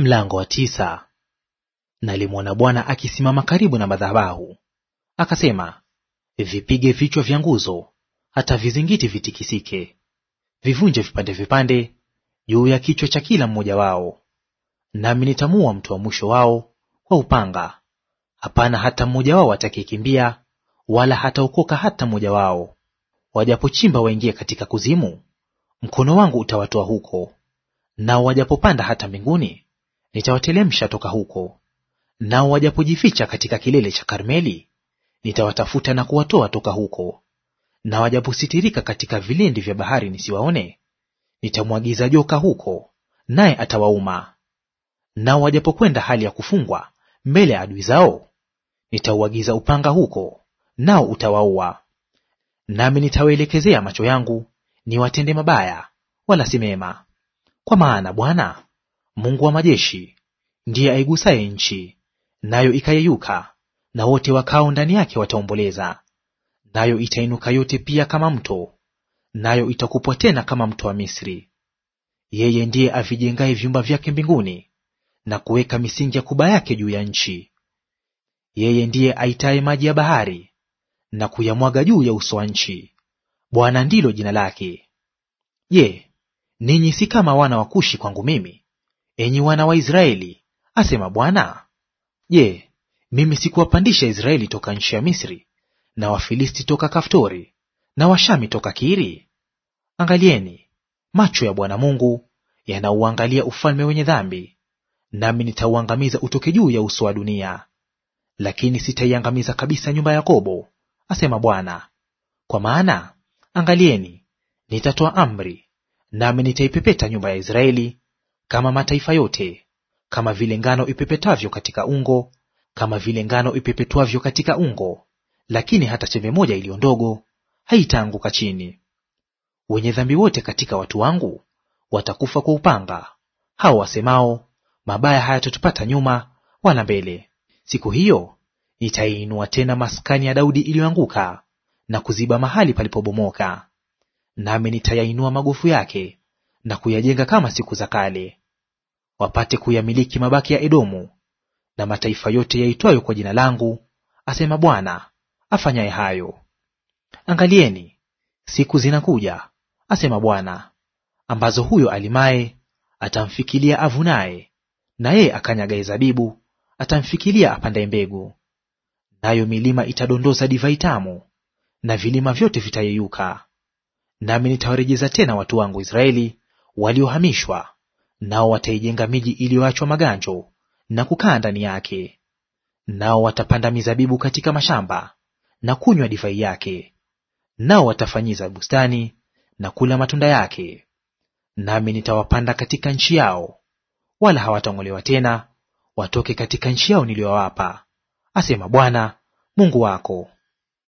Mlango wa tisa. Nalimwona Bwana akisimama karibu na madhabahu, akasema, vipige vichwa vya nguzo, hata vizingiti vitikisike; vivunje vipande vipande juu ya kichwa cha kila mmoja wao. Nami nitamua mtu wa mwisho wao kwa upanga; hapana hata mmoja wao atakayekimbia, wala hataokoka hata mmoja wao. Wajapochimba waingie katika kuzimu, mkono wangu utawatoa huko; nao wajapopanda hata mbinguni nitawatelemsha toka huko, nao wajapojificha katika kilele cha Karmeli, nitawatafuta na kuwatoa toka huko. Na wajapositirika katika vilindi vya bahari nisiwaone, nitamwagiza joka huko, naye atawauma. Nao wajapokwenda hali ya kufungwa mbele ya adui zao, nitauagiza upanga huko, nao utawaua. Nami nitawaelekezea macho yangu, niwatende mabaya, wala si mema. Kwa maana Bwana Mungu wa majeshi ndiye aigusaye nchi, nayo ikayeyuka, na wote wakao ndani yake wataomboleza. Nayo itainuka yote pia kama mto, nayo itakupwa tena kama mto wa Misri. Yeye ndiye avijengaye vyumba vyake mbinguni, na kuweka misingi ya kuba yake juu ya nchi. Yeye ndiye aitaye maji ya bahari na kuyamwaga juu ya uso wa nchi. Bwana ndilo jina lake. Je, ninyi si kama wana wa Kushi kwangu mimi, enyi wana wa Israeli, asema Bwana. Je, mimi sikuwapandisha Israeli toka nchi ya Misri, na Wafilisti toka Kaftori, na Washami toka Kiri? Angalieni, macho ya Bwana Mungu yanauangalia ufalme wenye dhambi, nami nitauangamiza utoke juu ya uso wa dunia, lakini sitaiangamiza kabisa nyumba ya Yakobo, asema Bwana. Kwa maana angalieni, nitatoa amri, nami nitaipepeta nyumba ya Israeli kama mataifa yote, kama vile ngano ipepetavyo katika ungo, kama vile ngano ipepetwavyo katika ungo, lakini hata chembe moja iliyo ndogo haitaanguka chini. Wenye dhambi wote katika watu wangu watakufa kwa upanga, hao wasemao, mabaya hayatatupata nyuma wala mbele. Siku hiyo nitaiinua tena maskani ya Daudi iliyoanguka na kuziba mahali palipobomoka, nami nitayainua magofu yake na kuyajenga kama siku za kale wapate kuyamiliki mabaki ya Edomu na mataifa yote yaitwayo kwa jina langu, asema Bwana afanyaye hayo. Angalieni, siku zinakuja, asema Bwana, ambazo huyo alimaye atamfikilia avunaye, na yeye akanyagaye zabibu atamfikilia apandaye mbegu. Nayo milima itadondoza divai tamu, na vilima vyote vitayeyuka. Nami nitawarejeza tena watu wangu Israeli waliohamishwa Nao wataijenga miji iliyoachwa maganjo na kukaa ndani yake. Nao watapanda mizabibu katika mashamba na kunywa divai yake, nao watafanyiza bustani na kula matunda yake. Nami nitawapanda katika nchi yao, wala hawatang'olewa tena watoke katika nchi yao niliyowapa, asema Bwana Mungu wako.